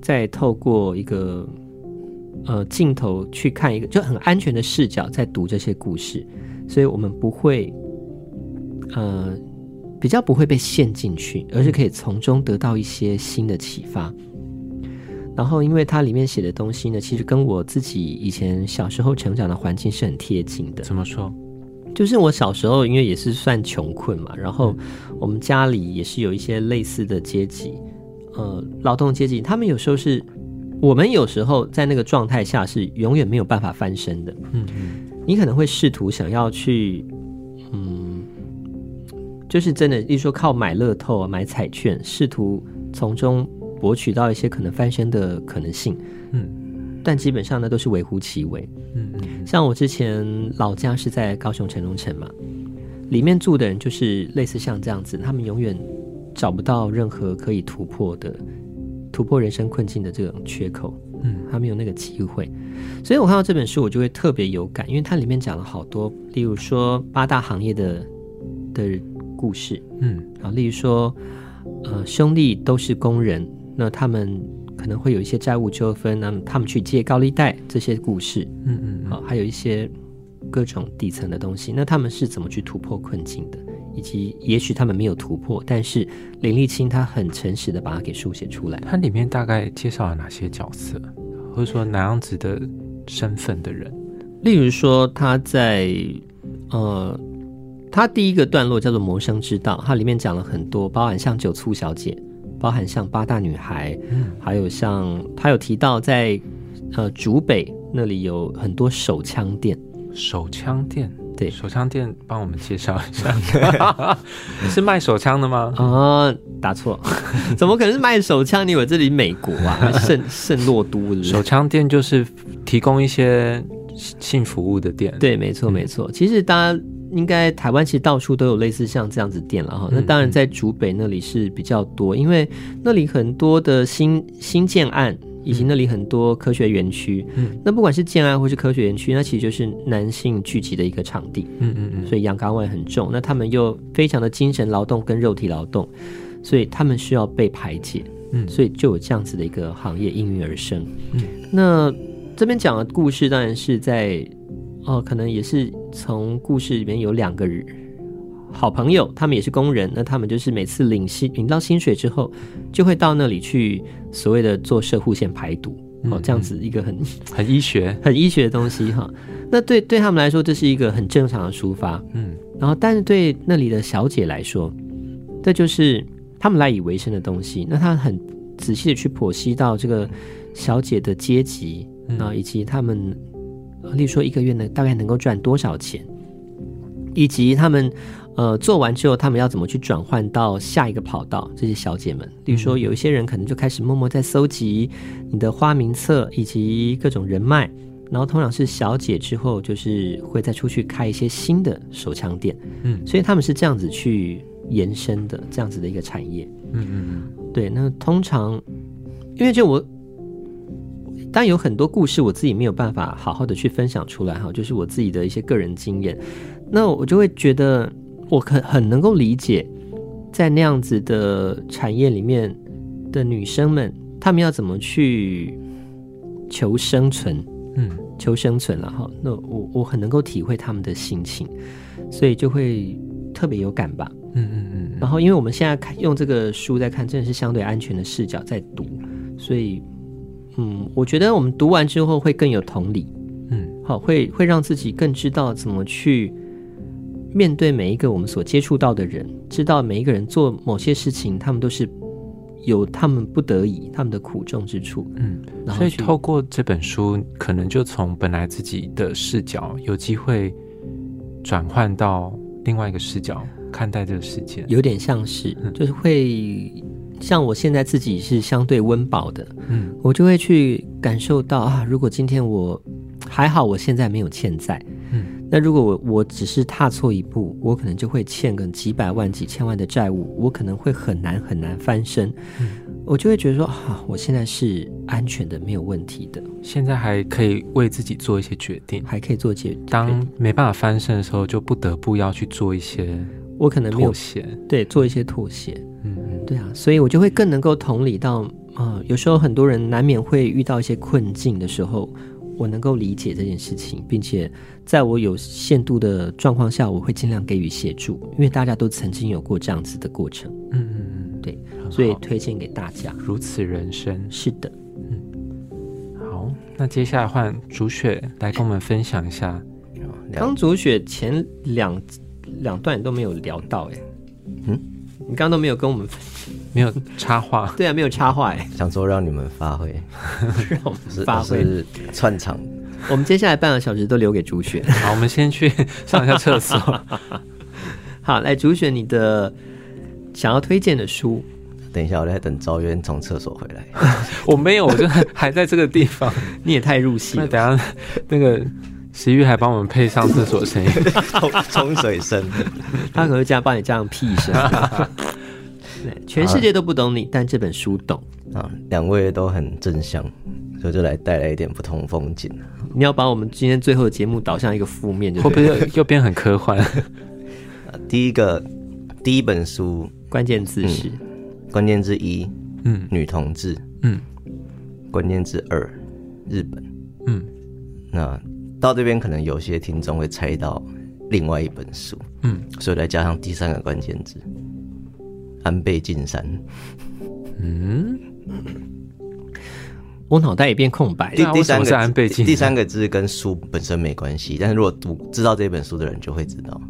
在透過一個呃鏡頭去看一個就很安全的視角，在讀這些故事，所以我們不會呃比較不會被陷進去，而是可以從中得到一些新的啟發。嗯。然後，因為它裡面寫的東西呢，其實跟我自己以前小時候成長的環境是很貼近的。怎麼說？就是我小時候，因為也是算窮困嘛，然後我們家裡也是有一些類似的階級，嗯、呃，勞動階級，他們有時候是，我們有時候在那個狀態下是永遠沒有辦法翻身的。嗯嗯，你可能會試圖想要去，嗯，就是真的，例如說靠買樂透、買彩券，試圖從中博取到一些可能翻身的可能性。嗯。但基本上呢，都是微乎其微。嗯，嗯，像我之前老家是在高雄城中城嘛，裡面住的人就是類似像這樣子，他們永遠找不到任何可以突破的、突破人生困境的這種缺口。嗯，他們有那個機會，所以我看到這本書，我就會特別有感，因為它裡面講了好多，例如說八大行業的的故事。嗯，啊，例如說，呃，兄弟都是工人，那他們。可能會有一些債務糾紛，那麼他們去借高利貸這些故事。嗯，嗯嗯，好、哦，還有一些各種底層的東西。那他們是怎麼去突破困境的？以及也許他們沒有突破，但是林立青他很誠實的把它給書寫出來。它裡面大概介紹了哪些角色，或者說哪樣子的身份的人？例如說他在呃，他第一個段落叫做《謀生之道》，它裡面講了很多，包含像酒促小姐。包含像八大女孩，還有像他有提到在，呃，竹北那裡有很多手槍店。手槍店，對，手槍店，幫我們介紹一下， 是賣手槍的嗎？啊、嗯，打錯，怎麼可能是賣手槍？ 你以為這裡美國啊？聖聖洛都是不是？手槍店就是提供一些性服務的店。對，沒錯，沒錯。嗯、其實大家。應該台灣其實到處都有類似像這樣子店了哈，那當然在竹北那裡是比較多，嗯嗯、因為那裡很多的新新建案，以及那裡很多科學園區。嗯，那不管是建案或是科學園區，那其實就是男性聚集的一個場地。嗯嗯嗯，嗯嗯所以陽剛味很重，那他們又非常的精神勞動跟肉體勞動，所以他們需要被排解。嗯，所以就有這樣子的一個行業應運而生。嗯，那這邊講的故事當然是在。哦，可能也是從故事裡面有兩個人好朋友，他們也是工人，那他們就是每次領薪領到薪水之後，就會到那裡去所謂的做攝護腺排毒，嗯、哦，這樣子一個很、嗯、很醫學很醫學的東西哈、哦。那對對他們來說，這是一個很正常的出發，嗯。然後，但是對那裡的小姐來說，這就是他們賴以為生的東西。那他很仔細的去剖析到這個小姐的階級啊，以及他們。例如說一個月呢，大概能夠賺多少錢？以及他們呃做完之後，他們要怎麼去轉換到下一個跑道，這些小姐們，例如說有一些人可能就開始默默在蒐集你的花名冊以及各種人脈，然後通常是小姐之後就是會再出去開一些新的手槍店，嗯，所以他們是這樣子去延伸的這樣子的一個產業，嗯，嗯嗯，對，那通常因為就我。但有很多故事我自己沒有辦法好好的去分享出來哈，就是我自己的一些個人經驗，那我就會覺得我很很能夠理解，在那樣子的產業裡面的女生們，她們要怎麼去求生存，嗯，求生存了哈，那我我很能夠體會她們的心情，所以就會特別有感吧，嗯嗯嗯，然後因為我們現在看用這個書在看，真的是相對安全的視角在讀，所以。嗯，我覺得我們讀完之後會更有同理，嗯，好，會會讓自己更知道怎麼去面對每一個我們所接觸到的人，知道每一個人做某些事情，他們都是有他們不得已、他們的苦衷之處，嗯，所以透過這本書，可能就從本來自己的視角，有機會轉換到另外一個視角、嗯、看待這個世界，有點像是，嗯、就是會。像我現在自己是相對溫飽的，嗯，我就會去感受到啊，如果今天我還好，我現在沒有欠債，嗯，那如果我我只是踏錯一步，我可能就會欠個幾百萬、幾千萬的債務，我可能會很難很難翻身，嗯，我就會覺得說，啊，我現在是安全的，沒有問題的，現在還可以為自己做一些決定，還可以做決定，當沒辦法翻身的時候，就不得不要去做一些。我可能沒有妥協，協對，做一些妥協，嗯嗯，對啊，所以我就會更能夠同理到，呃，有時候很多人難免會遇到一些困境的時候，我能夠理解這件事情，並且在我有限度的狀況下，我會盡量給予協助，因為大家都曾經有過這樣子的過程，嗯嗯嗯，對，好所以推薦給大家，如此人生，是的，嗯，好，那接下來換煮雪來跟我們分享一下，剛煮雪前兩。兩段你都沒有聊到哎、欸，嗯，你剛剛都沒有跟我們沒有插話， 對啊，沒有插話哎、欸，想說讓你們發揮， 讓我們發揮串場， 我們接下來半個小時都留給煮雪 好，我們先去上一下廁所。 好，來煮雪你的想要推薦的書，等一下我在等昭淵從廁所回來， 我沒有，我就還， 還在這個地方，你也太入戲了。 那等下那個。十一月還幫我們配上廁所聲、沖 水聲，他可是這樣幫你這樣屁聲。全世界都不懂你，啊、但這本書懂啊！兩位都很正向，所以就來帶來一點不同風景。你要把我們今天最後的節目導向一個負面就，會不會又變很科幻、啊？第一個，第一本書關鍵字是、嗯、關鍵字一，嗯，女同志，嗯，關鍵字二，日本，嗯，那、啊。到這邊，可能有些聽眾會猜到另外一本書，嗯，所以再加上第三個關鍵字“安倍晉三”，嗯，我腦袋也變空白了。三第三個“安倍晉三”，第三個字跟書本身沒關係，但是如果讀知道這本書的人就會知道，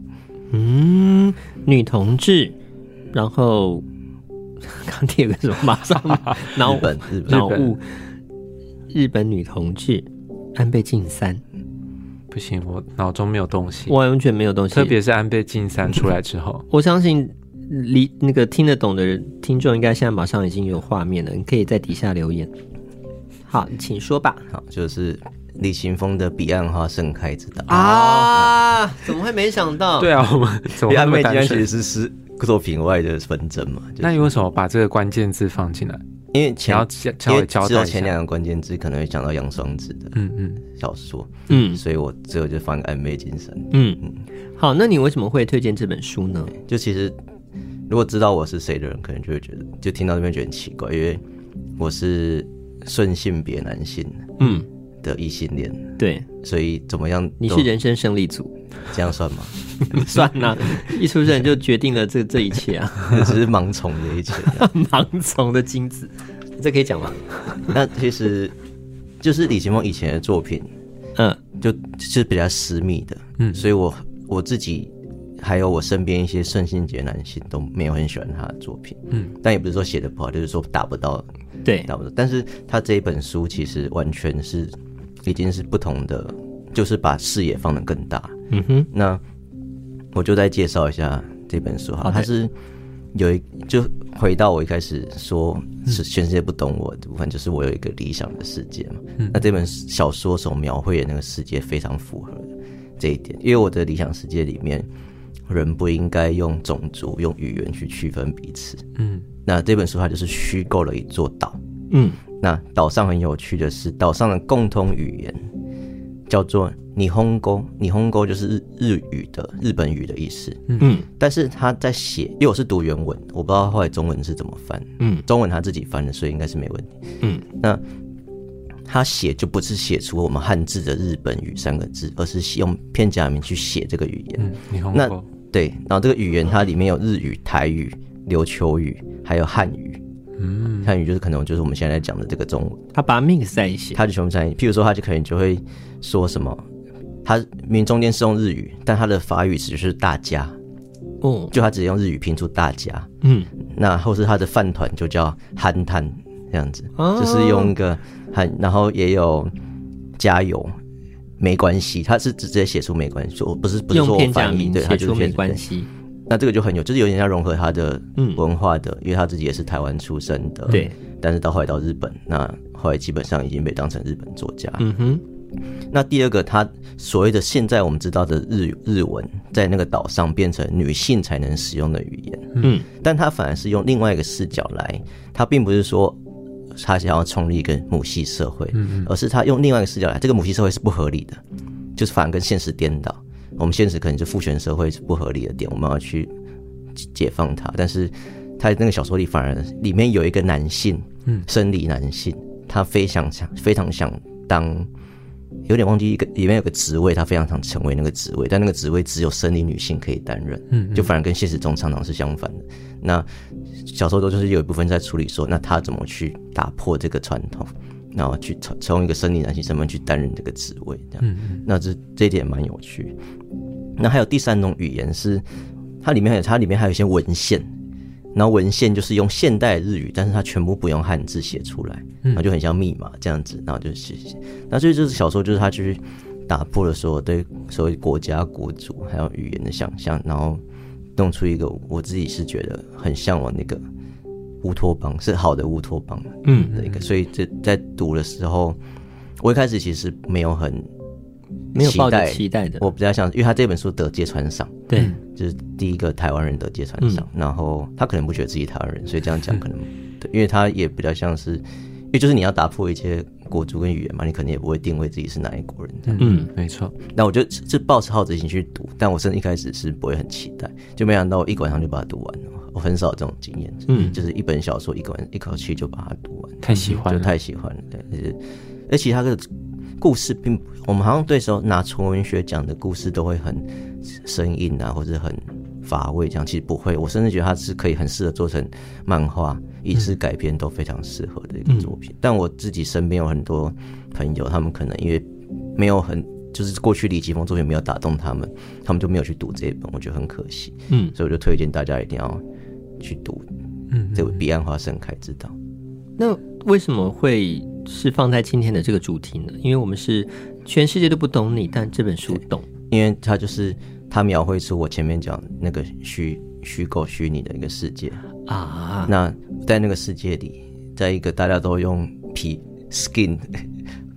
嗯，女同志，然後剛提個什麼馬上腦本 日本日本女同志安倍晉三。不行，我腦中沒有東西，我完全沒有東西。特別是安倍晉三出來之後， 我相信李那個聽得懂的人聽眾應該現在馬上已經有畫面了。你可以在底下留言，好，請說吧。好，就是李琴峰的《彼岸花盛開》之島啊，啊，怎麼會沒想到？對啊，我們安倍晉三其實是作品外的紛爭嘛。就是、那你為什麼把這個關鍵字放進來？因為前要要要因為前兩個關鍵字可能會想到楊雙子的嗯嗯小說，嗯，嗯所以我最後就放個安倍晉三。嗯嗯好，那你為什麼會推薦這本書呢？就其實如果知道我是誰的人，可能就會覺得就聽到這邊覺得很奇怪，因為我是順性別男性嗯。的異性戀，對，所以怎麼樣？你是人生勝利組，這 樣算嗎？算吶，一出生就決定了這這一切啊，只 是盲從的一切啊， 盲從的精子，這可以講嗎？ 那其實就是李行夢以前的作品，嗯就，就是比較私密的，嗯，所以我我自己還有我身邊一些順心節男性都沒有很喜歡他的作品，嗯，但也不是說寫的不好，就是說達不到，對，達不到，但是他這一本書其實完全是。已經是不同的，就是把視野放得更大。嗯哼，那我就再介紹一下這本書哈，oh、它是有一就回到我一開始說是、嗯、全世界不懂我的部分，就是我有一個理想的世界嘛。嗯、那這本小說所描繪的那個世界非常符合的這一點，因為我的理想世界裡面，人不應該用種族、用語言去區分彼此。嗯，那這本書它就是虛構了一座島。嗯。那島上很有趣的是，島上的共同語言叫做“你轟溝”，“你轟溝”就是日日語的日本語的意思。嗯，但是他在寫，因為我是讀原文，我不知道後來中文是怎麼翻。嗯，中文他自己翻的，所以應該是沒問題。嗯，那他寫就不是寫出我們漢字的“日本語”三個字，而是用片假名去寫這個語言。嗯，語。那對，然後這個語言它裡面有日語、台語、琉球語，還有漢語。嗯，漢語就是可能就是我們現在講的這個中文，他把它 mix 在一起，他就全部在一起。譬如說，他就可能就會說什麼，他明中間是用日語，但他的法語詞就是大家，哦，就他直接用日語拼出大家，嗯，那或是他的飯糰就叫憨湯這樣子，哦，就是用一個憨，然後也有加油，沒關係，他是直接寫出沒關係，我不是不是做翻譯，對，他寫出沒關係。那這個就很有，就是有點像融合他的文化的，嗯、因為他自己也是台灣出生的，對。但是到後來到日本，那後來基本上已經被當成日本作家。嗯哼。那第二個，他所謂的現在我們知道的日日文，在那個島上變成女性才能使用的語言。嗯。但他反而是用另外一個視角來，他並不是說他想要創立一個母系社會，嗯、哼，而是他用另外一個視角來，這個母系社會是不合理的，就是反而跟現實顛倒。我們現實可能是父權社會是不合理的點，我們要去解放它。但是，他那個小說裡反而裡面有一個男性，嗯，生理男性，他非常想非常想當，有點忘記一個裡面有個職位，他非常想成為那個職位，但那個職位只有生理女性可以擔任，嗯，嗯，就反而跟現實中常常是相反的。那小說中就是有一部分在處理說，那他怎麼去打破這個傳統？然後去從一個生理男性身份去擔任這個職位，這樣，嗯嗯。那這這一點蠻有趣的。那還有第三種語言是，它裡面還有它裡面還有一些文獻，然後文獻就是用現代日語，但是它全部不用漢字寫出來，那就很像密碼這樣子。然後就寫寫，嗯、那所以就是小說就是他就是打破了所有對所謂國家國族還有語言的想象，然後弄出一個我自己是覺得很向往那個。烏托邦是好的烏托邦，嗯，一個，嗯、所以這在讀的時候，我一開始其實沒有很期待沒有期待的，我比較像，因為他這本書得芥川賞。對，就是第一個台灣人得芥川賞。嗯、然後他可能不覺得自己台灣人，所以這樣講可能、嗯、對，因為他也比較像是，因為就是你要打破一些國族跟語言嘛，你可能也不會定位自己是哪一國人的，嗯，嗯，沒錯。那我就得是抱着好奇心去讀，但我真的一開始是不會很期待，就沒想到我一晚上就把它讀完了。我很少有這種經驗，嗯，就是一本小說一，一個人一口氣就把它讀完，嗯、對太喜歡了，太喜歡了，對，就是、而且其他的故事並不，我們好像對時候拿純文學講的故事都會很生硬啊，或者很乏味這樣，其實不會，我甚至覺得它是可以很適合做成漫畫、影視改編都非常適合的一個作品。嗯、但我自己身邊有很多朋友，他們可能因為沒有很就是過去李奇峰作品沒有打動他們，他們就沒有去讀這一本，我覺得很可惜，嗯，所以我就推薦大家一定要。去讀，嗯，這個《彼岸花盛開之島》嗯。那為什麼會是放在今天的這個主題呢？因為我們是全世界都不懂你，但這本書懂，因為它就是它描繪出我前面講的那個虛虛構虛擬的一個世界啊。那在那個世界裡，在一個大家都用皮 skin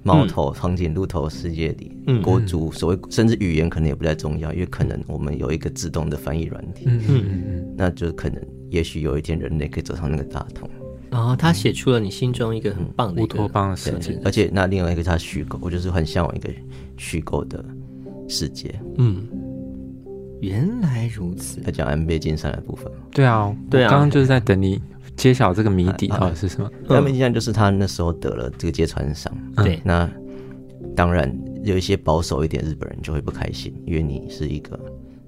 貓頭長頸鹿頭世界裡，嗯，國族，所謂甚至語言可能也不太重要，因為可能我們有一個自動的翻譯軟體，嗯嗯嗯，那就可能。也許有一天人類可以走上那個大同。然後、哦、他寫出了你心中一個很棒的烏、嗯、托邦的世界，的世界，而且那另外一個是他虛構，我就是很嚮往一個虛構的世界。嗯，原來如此。他講安倍晉三的部分，對啊，對啊，剛剛就是在等你揭曉這個謎底到底、嗯、是什麼。安倍晉三就是他那時候得了這個芥川賞，嗯、對，那當然有一些保守一點日本人就會不開心，因為你是一個。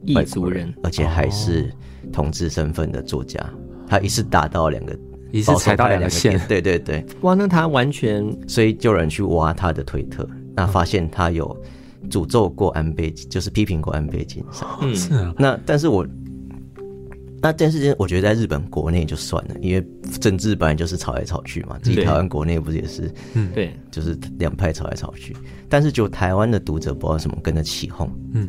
異族人，而且還是同志身份的作家，哦、他一次打到兩個，一次踩到兩個線。個對對對，哇！那他完全所以就有人去挖他的推特，嗯、那發現他有詛咒過安倍，就是批評過安倍晉三。是啊、嗯，那但是我那這件事情我覺得在日本國內就算了，因為政治本來就是吵來吵去嘛。自己台灣國內不是也是，嗯，對，就是兩派吵來吵去,對去。但是就台灣的讀者不知道什麼跟着起哄，嗯。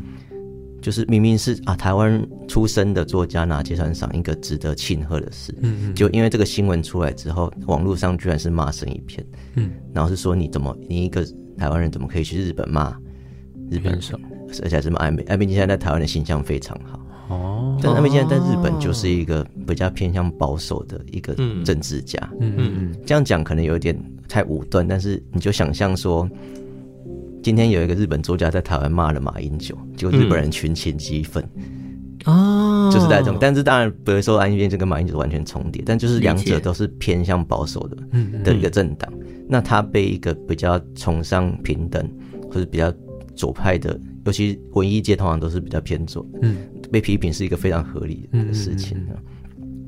就是明明是啊，台灣出生的作家拿芥川賞，一個值得慶賀的事。嗯，嗯，就因為這個新聞出來之後，網絡上居然是罵聲一片。嗯，然後是說你怎麼，你一個台灣人怎麼可以去日本罵日本人？少而且還這麼安倍，安倍現在在台灣的形象非常好。哦，但安倍現在在日本就是一個比較偏向保守的一個政治家。嗯，嗯嗯嗯，嗯這樣講可能有點太武斷，但是你就想象說，今天有一個日本作家在台灣罵了馬英九，結果日本人群情激憤、嗯，哦，就是在這種。但是當然不會說安倍晉三跟馬英九完全重疊，但就是兩者都是偏向保守的解的一個政黨。嗯嗯那他被一個比較崇尚平等或者比較左派的，尤其文藝界通常都是比較偏左，嗯，被批評是一個非常合理的事情。嗯嗯嗯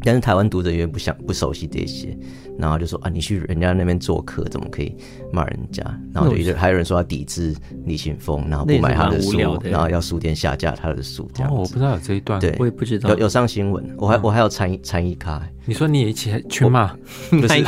但是台灣讀者有點不想不熟悉這些，然後就說啊，你去人家那邊做客，怎麼可以罵人家？然後就一直還有人說要抵制李清峰，然後不買他的書，的然後要書店下架他的書。哦，我不知道有這一段，對我也不知道有有上新聞，我還、嗯、我還有參參議卡。欸、你說你也去去罵？我不是，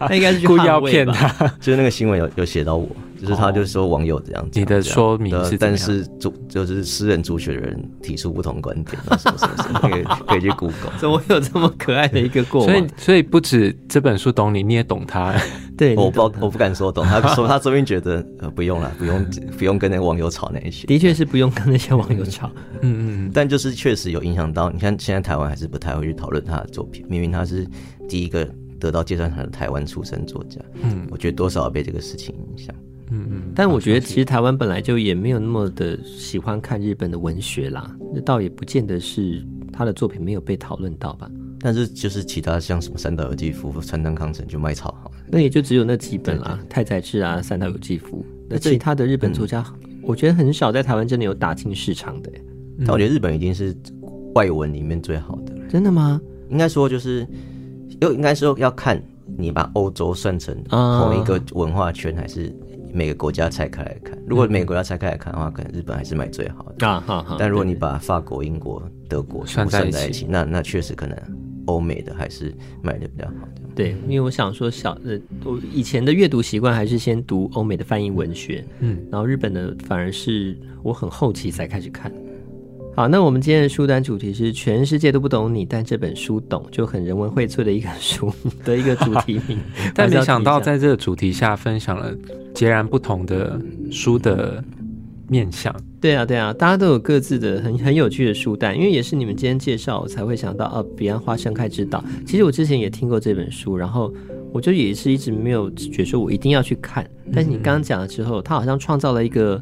他 應該是故意要騙他。 就是那個新聞有有寫到我。就是他，就說網友這樣子，你的說明是，但是主就是私人主學的人提出不同觀點，什，麼什麼可以， 可，以可以去 Google。怎麼有這麼可愛的一個過？ 所以所以不止這本書懂你，你也懂他。 對，我不我不敢說懂他，說他終於覺得呃不用啦，不用不用，不用跟那個網友吵那一些。的確是不用跟那些網友吵。 嗯嗯，嗯但就是確實有影響到，你看現在台灣還是不太會去討論他的作品，明明他是第一個得到芥川賞的台灣出生作家。嗯，我覺得多少被這個事情影響。嗯嗯，嗯但我覺得其實台灣本來就也沒有那麼的喜歡看日本的文學啦，那倒也不見得是他的作品沒有被討論到吧。但是就是其他像什麼三島由紀夫、川端康成就賣草好，那也就只有那幾本啦。太宰治啊，三島由紀夫，那其他的日本作家，嗯、我覺得很少在台灣真的有打進市場的、欸。嗯、但我覺得日本已經是外文裡面最好的。真的嗎？應該說就是，又應該說要看你把歐洲算成同一個文化圈還是？啊每個國家拆開來看，如果美國要拆開來看的話，嗯、可能日本還是賣最好的。啊哈。啊啊但如果你把法國、對英國、德國全部算在一起，那那確實可能歐美的還是賣的比較好、嗯、對，因為我想說小，小呃，我以前的閱讀習慣還是先讀歐美的翻譯文學，嗯，然後日本的反而是我很後期才開始看的。好，那我們今天的書單主題是全世界都不懂你，但這本書懂，就很人文薈萃的一個書的一個主題名 但沒想到在這個主題下分享了截然不同的書的面向，嗯。對啊，對啊，大家都有各自的很很有趣的書單，因為也是你們今天介紹，我才會想到啊，《彼岸花盛開之島》。其實我之前也聽過這本書，然後我就也是一直沒有覺得說我一定要去看。但是你剛剛講了之後，他好像創造了一個。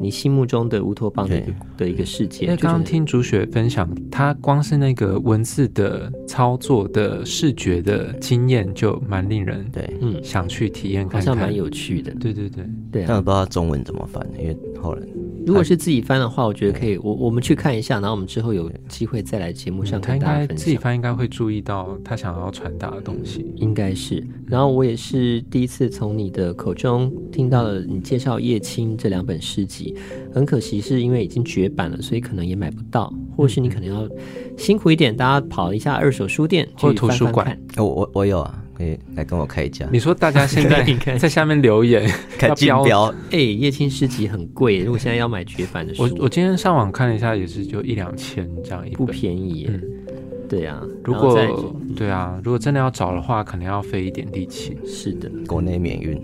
你心目中的烏托邦的的一個世界，嗯、因為剛剛聽煮雪分享，他光是那個文字的操作的視覺的經驗就蠻令人看看對，嗯，想去體驗，好像蠻有趣的，對對對對。對啊、但我不知道中文怎麼翻，因為後來。如果是自己翻的話，我覺得可以。嗯、我我們去看一下，然後我們之後有機會再來節目上看，嗯。跟大家分享，嗯、他應該自己翻應該會注意到他想要傳達的東西，嗯、應該是。然後我也是第一次從你的口中聽到了你介紹葉青這兩本詩集。很可惜是因為已經絕版了，所以可能也買不到。或是你可能要辛苦一點，大家跑一下二手書店翻翻或者圖書館，哦。我我我有啊。欸、來跟我開一家。你說大家現在在下面留言以要標飆哎，葉青詩集很貴，如果現在要買絕版的書，我我今天上網看了一下，也是就一兩千這樣一，一不便宜。嗯、對啊，如果對啊，如果真的要找的話，可能要費一點力氣。是的，國內免運。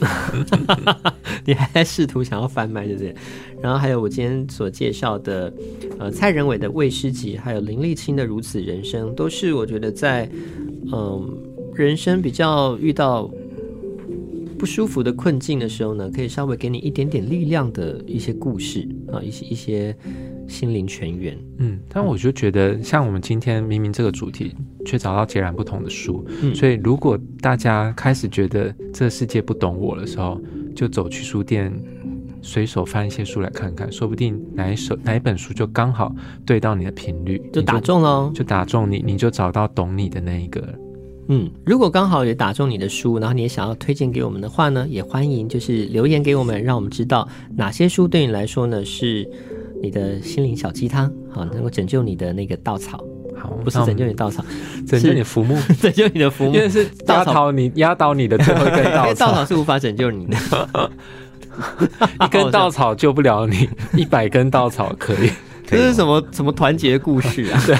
你還在試圖想要販賣對不對？然後還有我今天所介紹的，呃，蔡仁偉的《偽詩集》，還有林立青的《如此人生》，都是我覺得在嗯。呃人生比較遇到不舒服的困境的時候呢，可以稍微給你一點點力量的一些故事啊，一些一些心靈泉源。嗯，但我就覺得，像我們今天明明這個主題，卻找到截然不同的書。嗯，所以，如果大家開始覺得這個世界不懂我的時候，就走去書店，隨手翻一些書來看看，說不定哪一首哪一本書就剛好對到你的頻率，就打中囉，就打中你，你就找到懂你的那一個。嗯，如果剛好也打中你的書，然後你也想要推薦給我們的話呢，也歡迎就是留言給我們，讓我們知道哪些書對你來說呢，是你的心靈小雞湯，好、哦、能夠拯救你的那個稻草，好，不是拯救你的稻草，拯救你浮木，拯救你的浮木 因為是稻草，你壓倒你的最後一根稻草， 因為稻草是無法拯救你的， 一根稻草救不了你，一百根稻草可以。這是什麼什麼團結故事啊？ 對，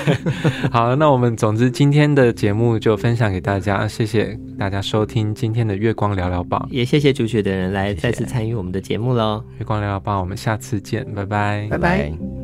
好，那我們總之今天的節目就分享給大家，謝謝大家收聽今天的月光聊聊 BAR，也謝謝煮雪的人來謝謝再次參與我們的節目嘍。月光聊聊 BAR，我們下次見，拜拜，拜拜。拜拜。